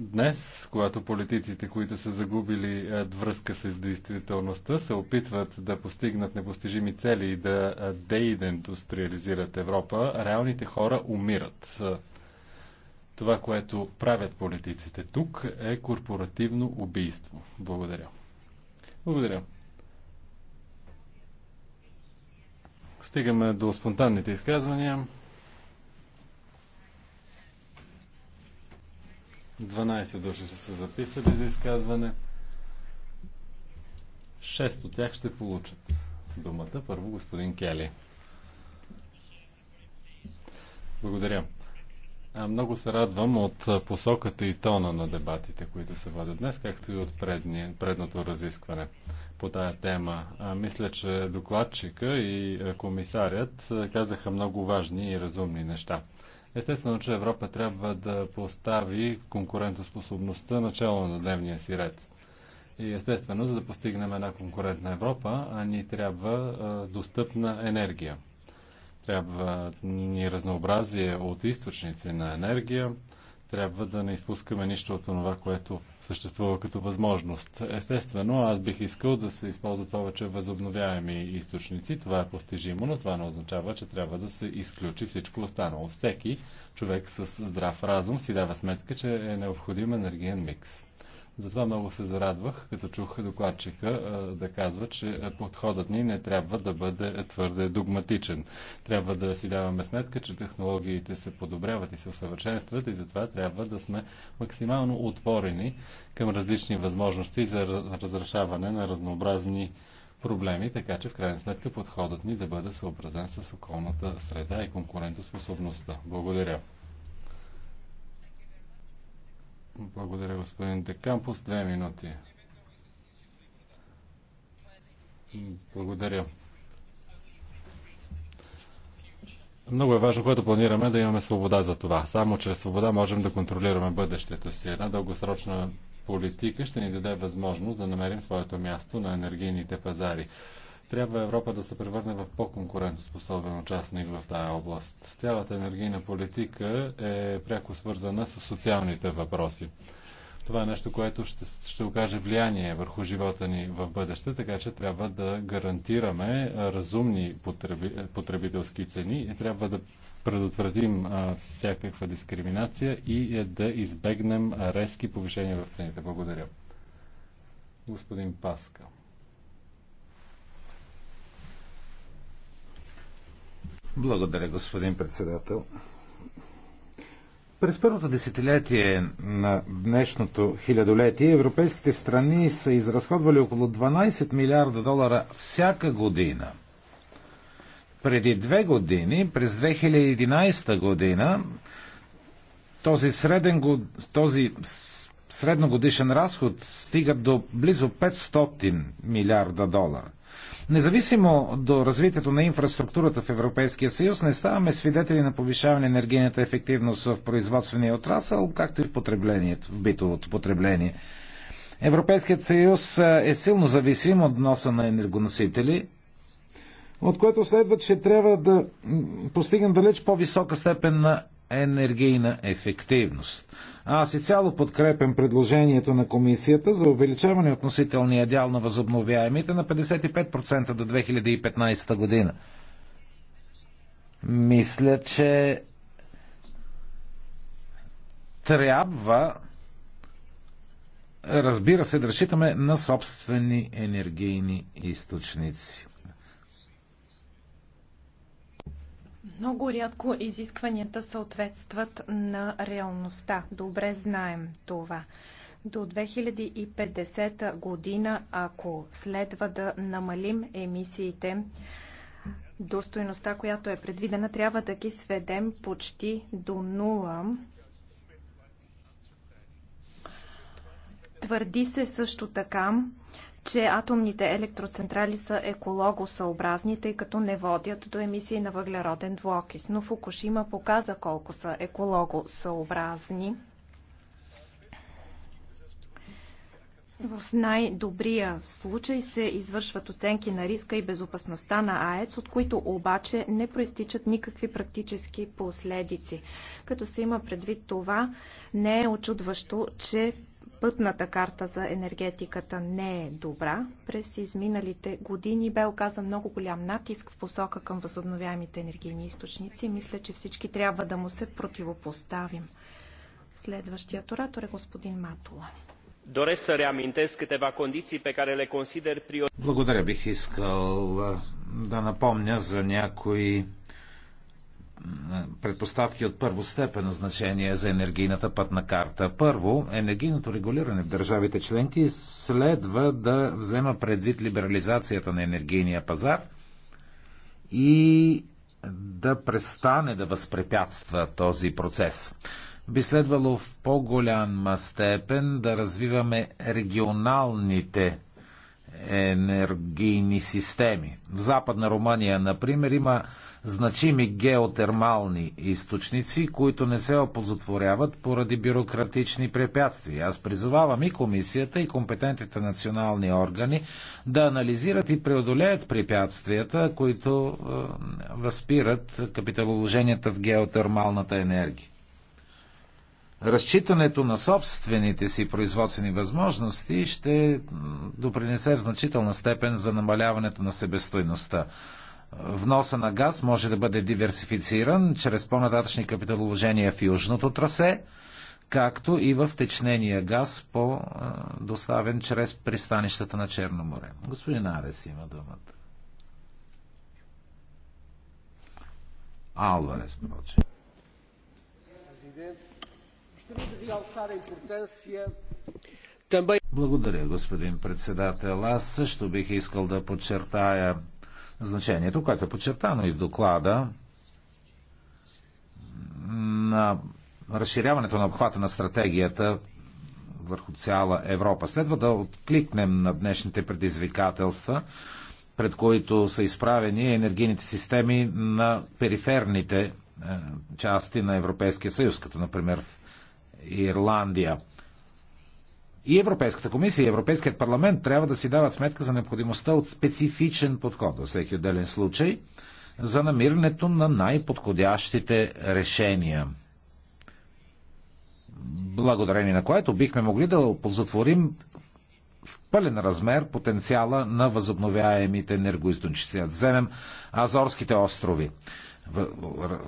Днес, когато политиците, които са загубили е, връзка с действителността, се опитват да постигнат непостижими цели и да е, деиндустриализират Европа, реалните хора умират. Това, което правят политиците тук, е корпоративно убийство. Благодаря. Благодаря. Стигаме до спонтанните изказвания. 12 души са се записали за изказване. 6 от тях ще получат думата. Първо господин Кели. Благодаря. Много се радвам от посоката и тона на дебатите, които се водят днес, както и от предни, предното разискване по тая тема. Мисля, че докладчика и комисарят казаха много важни и разумни неща. Естествено, че Европа трябва да постави конкурентоспособността начало на дневния си ред. И естествено, за да постигнем една конкурентна Европа, а ни трябва достъпна енергия. Трябва ни разнообразие от източници на енергия, трябва да не изпускаме нищо от това, което съществува като възможност. Естествено, аз бих искал да се използват повече възобновяеми източници. Това е постижимо, но това не означава, че трябва да се изключи всичко останало. Всеки човек с здрав разум си дава сметка, че е необходим енергиен микс. Затова много се зарадвах, като чух докладчика да казва, че подходът ни не трябва да бъде твърде догматичен. Трябва да си даваме сметка, че технологиите се подобряват и се усъвършенстват и затова трябва да сме максимално отворени към различни възможности за разрешаване на разнообразни проблеми, така че в крайна сметка подходът ни да бъде съобразен с околната среда и конкурентоспособността. Благодаря. Благодаря, господин Декампус. Две минути. Благодаря. Много е важно, което планираме, да имаме свобода за това. Само чрез свобода можем да контролираме бъдещето си. Една дългосрочна политика ще ни даде възможност да намерим своето място на енергийните пазари. Трябва Европа да се превърне в по-конкурентоспособен участник в тая област. Цялата енергийна политика е пряко свързана с социалните въпроси. Това е нещо, което ще, ще окаже влияние върху живота ни в бъдеще, така че трябва да гарантираме разумни потреби, потребителски цени и трябва да предотвратим а, всякаква дискриминация и е да избегнем резки повишения в цените. Благодаря. Господин Паскал.
Благодаря, господин председател. През първото десетилетие на днешното хилядолетие европейските страни са изразходвали около 12 милиарда долара всяка година. Преди две години, през 2011 година, този, среден, този средногодишен разход стига до близо 500 милиарда долара. Независимо до развитието на инфраструктурата в Европейския съюз, не ставаме свидетели на повишаване на енергийната ефективност в производствения отрасъл, както и в потреблението, в битовото потребление. Европейският съюз е, е силно зависим от носа на енергоносители, от което следва, че трябва да постигнем далеч по-висока степен на енергийна ефективност. Аз изцяло подкрепям предложението на комисията за увеличаване относителния дял на възобновяемите на 55% до 2015 година. Мисля, че трябва разбира се, да разчитаме на собствени енергийни източници.
Много рядко изискванията съответстват на реалността. Добре знаем това. До 2050 година, ако следва да намалим емисиите достойността, която е предвидена, трябва да ги сведем почти до нула. Твърди се също така, че атомните електроцентрали са екологосъобразни, тъй като не водят до емисии на въглероден двуокис. Но Фукушима показа колко са екологосъобразни. В най-добрия случай се извършват оценки на риска и безопасността на АЕЦ, от които обаче не проистичат никакви практически последици. Като се има предвид това, не е очудващо, че пътната карта за енергетиката не е добра. През изминалите години бе оказан много голям натиск в посока към възобновяемите енергийни източници. Мисля, че всички трябва да му се противопоставим. Следващият оратор е господин Матула.
Doresc să reamintesc
câteva
condiții pe care le consider
Благодаря, бих искал да напомня за някои предпоставки от първостепенно значение за енергийната пътна карта. Първо, енергийното регулиране в държавите членки следва да взема предвид либерализацията на енергийния пазар и да престане да възпрепятства този процес. Би следвало в по-голяма степен да развиваме регионалните енергийни системи. В Западна Румъния, например, има значими геотермални източници, които не се опозотворяват поради бюрократични препятствия. Аз призовавам и комисията, и компетентните национални органи да анализират и преодолеят препятствията, които е, възпират капиталовложенията в геотермалната енергия разчитането на собствените си производствени възможности ще допринесе в значителна степен за намаляването на себестойността. Вноса на газ може да бъде диверсифициран чрез по-нататъчни капиталовложения в южното трасе, както и в течнения газ, по, доставен чрез пристанищата на Черно море. Господин Арес има думата.
Алварес, проче. Президент, благодаря, господин
председател. Аз също бих искал да подчертая значението, което е подчертано и в доклада на разширяването на обхвата на стратегията върху цяла Европа. Следва да откликнем на днешните предизвикателства, пред които са изправени енергийните системи на периферните е, части на Европейския съюз, като например Ирландия. И Европейската комисия, и Европейският парламент трябва да си дават сметка за необходимостта от специфичен подход във всеки отделен случай за намирането на най-подходящите решения. Благодарение на което бихме могли да опозатворим в пълен размер потенциала на възобновяемите енергоисточници. вземем Азорските острови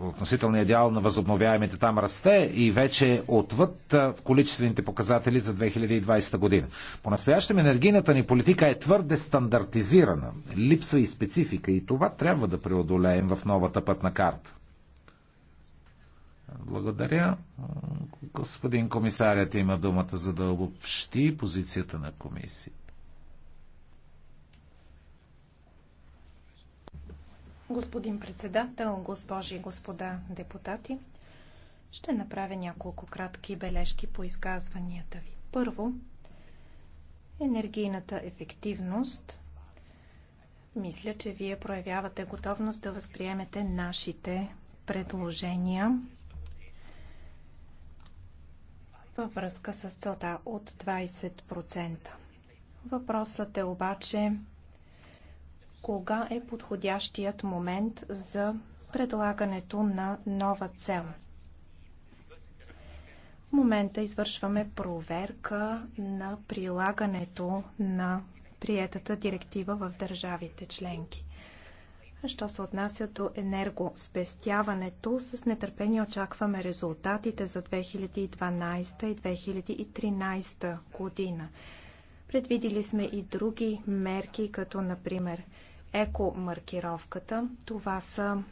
относителният дял на възобновяемите там расте и вече е отвъд в количествените показатели за 2020 година. По-настоящем енергийната ни политика е твърде стандартизирана. Липсва и специфика и това трябва да преодолеем в новата пътна карта. Благодаря. Господин комисарят има думата за да обобщи позицията на комисията.
Господин председател, госпожи и господа депутати, ще направя няколко кратки бележки по изказванията ви. Първо, енергийната ефективност. Мисля, че вие проявявате готовност да възприемете нашите предложения във връзка с целта от 20%. Въпросът е обаче кога е подходящият момент за предлагането на нова цел. В момента извършваме проверка на прилагането на приетата директива в държавите членки. Що се отнася до енергоспестяването, с нетърпение очакваме резултатите за 2012 и 2013 година. Предвидили сме и други мерки, като например екомаркировката. Това са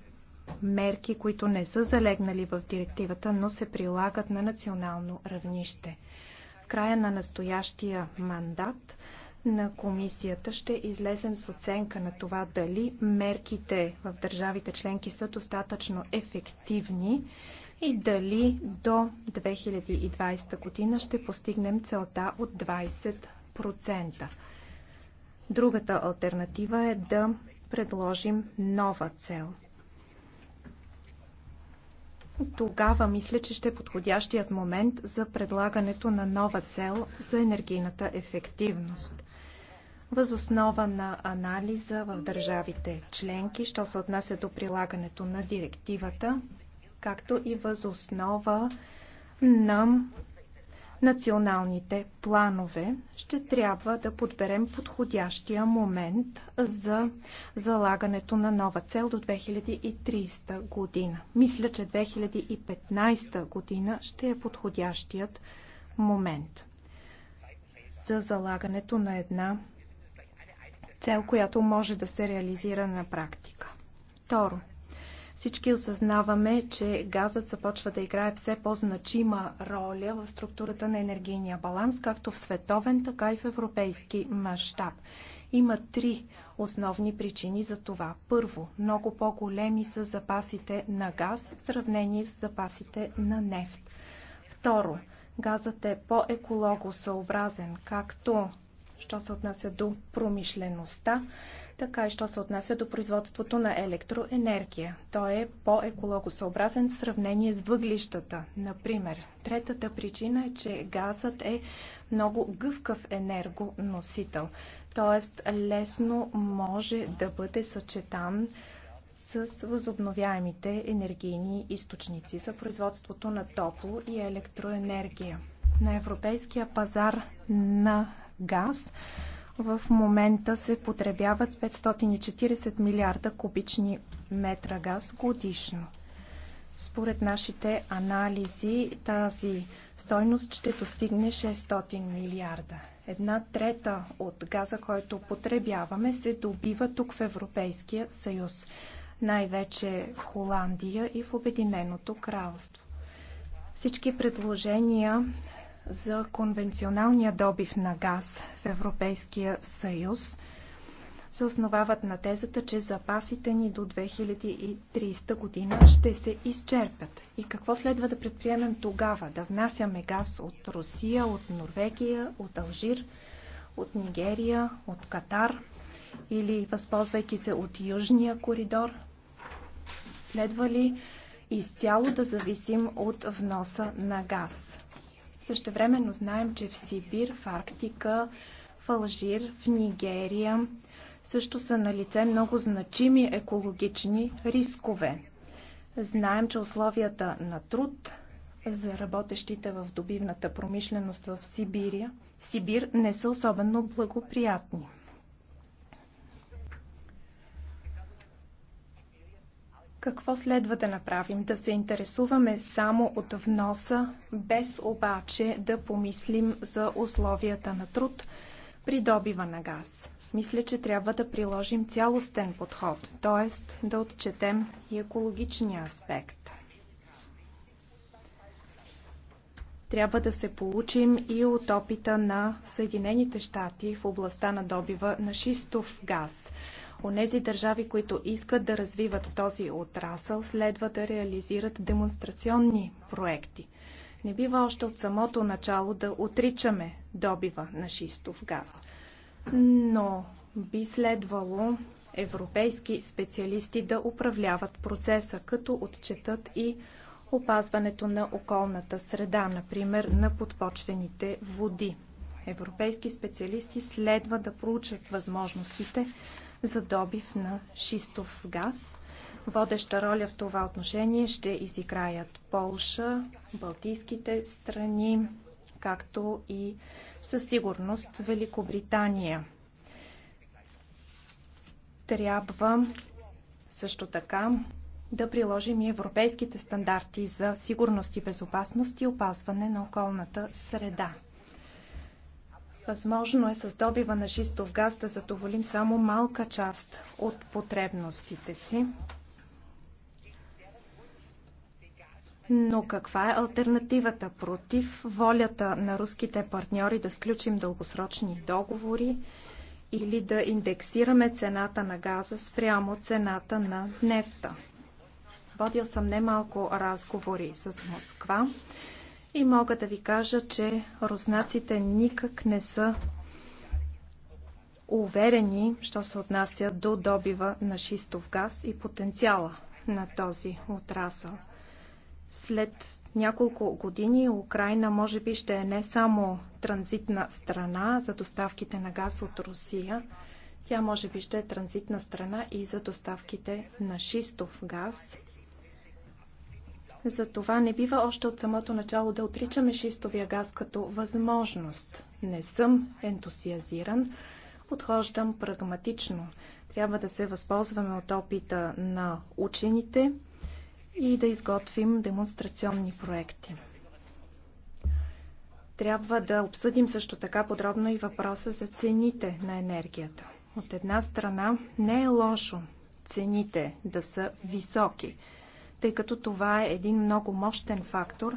мерки, които не са залегнали в директивата, но се прилагат на национално равнище. В края на настоящия мандат на комисията ще излезем с оценка на това дали мерките в държавите членки са достатъчно ефективни и дали до 2020 година ще постигнем целта от 20%. Другата альтернатива е да предложим нова цел. Тогава мисля, че ще е подходящият момент за предлагането на нова цел за енергийната ефективност. Възоснова на анализа в държавите членки, що се отнася до прилагането на директивата, както и възоснова на националните планове, ще трябва да подберем подходящия момент за залагането на нова цел до 2030 година. Мисля, че 2015 година ще е подходящият момент за залагането на една цел, която може да се реализира на практика. Второ, всички осъзнаваме, че газът започва да играе все по-значима роля в структурата на енергийния баланс, както в световен, така и в европейски мащаб. Има три основни причини за това. Първо, много по-големи са запасите на газ в сравнение с запасите на нефт. Второ, газът е по-екологосъобразен, както що се отнася до промишлеността, така и е, що се отнася до производството на електроенергия. Той е по-екологосъобразен в сравнение с въглищата, например. Третата причина е, че газът е много гъвкав енергоносител, т.е. лесно може да бъде съчетан с възобновяемите енергийни източници за производството на топло и електроенергия. На европейския пазар на газ в момента се потребяват 540 милиарда кубични метра газ годишно. Според нашите анализи тази стойност ще достигне 600 милиарда. Една трета от газа, който потребяваме, се добива тук в Европейския съюз, най-вече в Холандия и в Обединеното кралство. Всички предложения за конвенционалния добив на газ в Европейския съюз се основават на тезата, че запасите ни до 2030 година ще се изчерпят. И какво следва да предприемем тогава? Да внасяме газ от Русия, от Норвегия, от Алжир, от Нигерия, от Катар или възползвайки се от Южния коридор? Следва ли изцяло да зависим от вноса на газ? Същевременно знаем, че в Сибир, в Арктика, в Алжир, в Нигерия също са на лице много значими екологични рискове. Знаем, че условията на труд за работещите в добивната промишленост в Сибирия, в Сибир не са особено благоприятни. Какво следва да направим? Да се интересуваме само от вноса, без обаче да помислим за условията на труд при добива на газ. Мисля, че трябва да приложим цялостен подход, т.е. да отчетем и екологичния аспект. Трябва да се получим и от опита на Съединените щати в областта на добива на шистов газ – Онези държави, които искат да развиват този отрасъл, следва да реализират демонстрационни проекти. Не бива още от самото начало да отричаме добива на шистов газ. Но би следвало европейски специалисти да управляват процеса, като отчетат и опазването на околната среда, например на подпочвените води. Европейски специалисти следва да проучат възможностите за добив на шистов газ. Водеща роля в това отношение ще изиграят Полша, Балтийските страни, както и със сигурност Великобритания. Трябва също така да приложим и европейските стандарти за сигурност и безопасност и опазване на околната среда. Възможно е с добива на шистов газ да задоволим само малка част от потребностите си. Но каква е альтернативата против волята на руските партньори да сключим дългосрочни договори или да индексираме цената на газа спрямо цената на нефта? Водил съм немалко разговори с Москва. И мога да ви кажа, че руснаците никак не са уверени, що се отнася до добива на шистов газ и потенциала на този отрасъл. След няколко години Украина може би ще е не само транзитна страна за доставките на газ от Русия, тя може би ще е транзитна страна и за доставките на шистов газ затова не бива още от самото начало да отричаме шистовия газ като възможност. Не съм ентусиазиран, подхождам прагматично. Трябва да се възползваме от опита на учените и да изготвим демонстрационни проекти. Трябва да обсъдим също така подробно и въпроса за цените на енергията. От една страна не е лошо цените да са високи – тъй като това е един много мощен фактор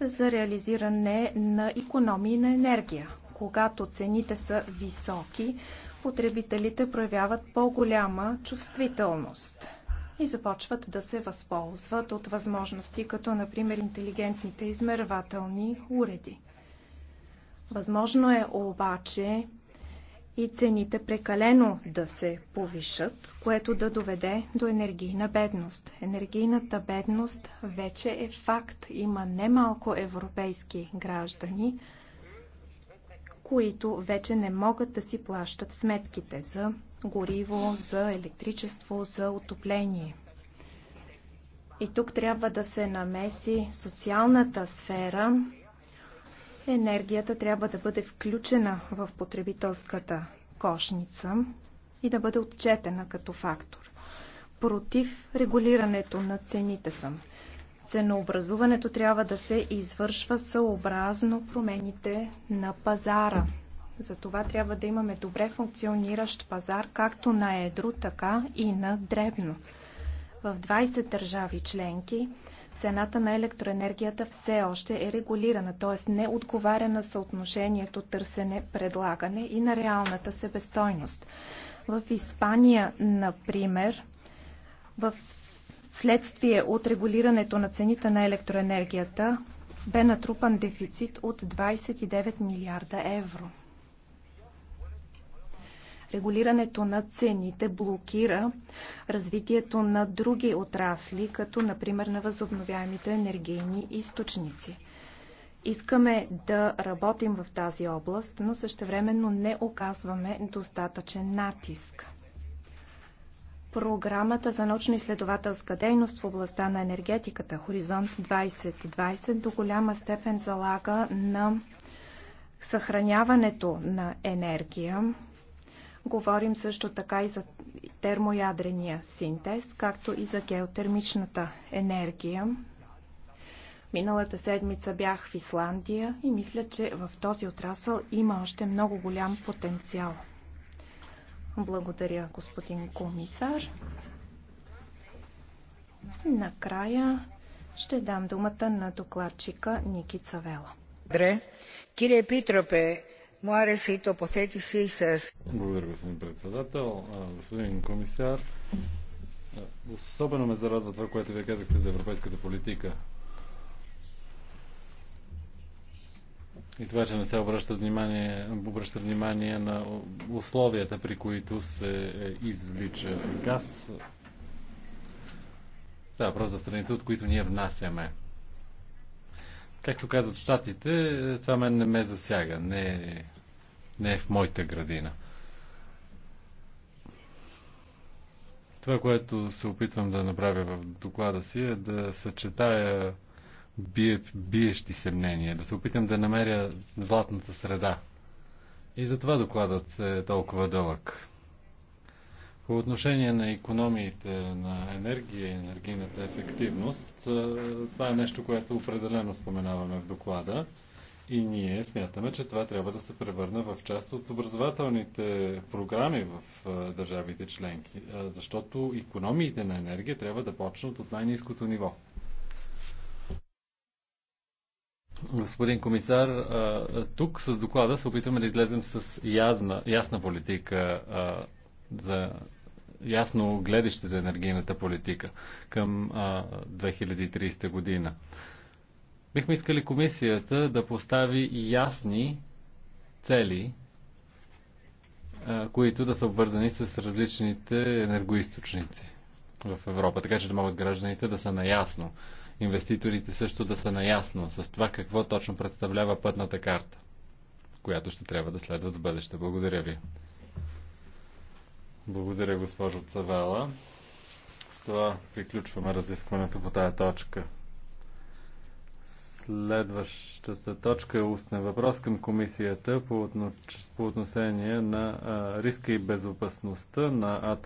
за реализиране на економии на енергия. Когато цените са високи, потребителите проявяват по-голяма чувствителност и започват да се възползват от възможности, като например интелигентните измервателни уреди. Възможно е обаче и цените прекалено да се повишат, което да доведе до енергийна бедност. Енергийната бедност вече е факт. Има немалко европейски граждани, които вече не могат да си плащат сметките за гориво, за електричество, за отопление. И тук трябва да се намеси социалната сфера, енергията трябва да бъде включена в потребителската кошница и да бъде отчетена като фактор. Против регулирането на цените съм. Ценообразуването трябва да се извършва съобразно промените на пазара. Затова трябва да имаме добре функциониращ пазар, както на едро, така и на дребно. В 20 държави членки цената на електроенергията все още е регулирана, т.е. не отговаря на съотношението търсене-предлагане и на реалната себестойност. В Испания, например, в следствие от регулирането на цените на електроенергията бе натрупан дефицит от 29 милиарда евро. Регулирането на цените блокира развитието на други отрасли, като например на възобновяемите енергийни източници. Искаме да работим в тази област, но същевременно не оказваме достатъчен натиск. Програмата за научно-изследователска дейност в областта на енергетиката Хоризонт 2020 до голяма степен залага на съхраняването на енергия Говорим също така и за термоядрения синтез, както и за геотермичната енергия. Миналата седмица бях в Исландия и мисля, че в този отрасъл има още много голям потенциал. Благодаря, господин комисар. Накрая ще дам думата на докладчика Ники
Цавела. Кире Питропе, благодаря,
господин председател. Господин комисар, особено ме зарадва това, което вие казахте за европейската политика. И това, че не се обръща внимание, обръща внимание на условията, при които се е, извлича газ. Това е въпрос за страните, от които ние внасяме. Както казват щатите, това мен не ме засяга. Не, не е в моята градина. Това, което се опитвам да направя в доклада си е да съчетая бие, биещи се мнения, да се опитам да намеря златната среда. И затова докладът е толкова дълъг. По отношение на економиите на енергия и енергийната ефективност, това е нещо, което определено споменаваме в доклада. И ние смятаме, че това трябва да се превърне в част от образователните програми в държавите членки, защото економиите на енергия трябва да почнат от най-низкото ниво. Господин комисар, тук с доклада се опитваме да излезем с ясна, ясна политика за ясно гледаще за енергийната политика към 2030 година. Бихме искали комисията да постави ясни цели, които да са обвързани с различните енергоисточници в Европа, така че да могат гражданите да са наясно. Инвеститорите също да са наясно с това какво точно представлява пътната карта, която ще трябва да следват в бъдеще. Благодаря ви. Благодаря, госпожо Цавела. С това приключваме разискването по тая точка. Следващата точка е устен въпрос към комисията по, отношение на риска и безопасността на атом.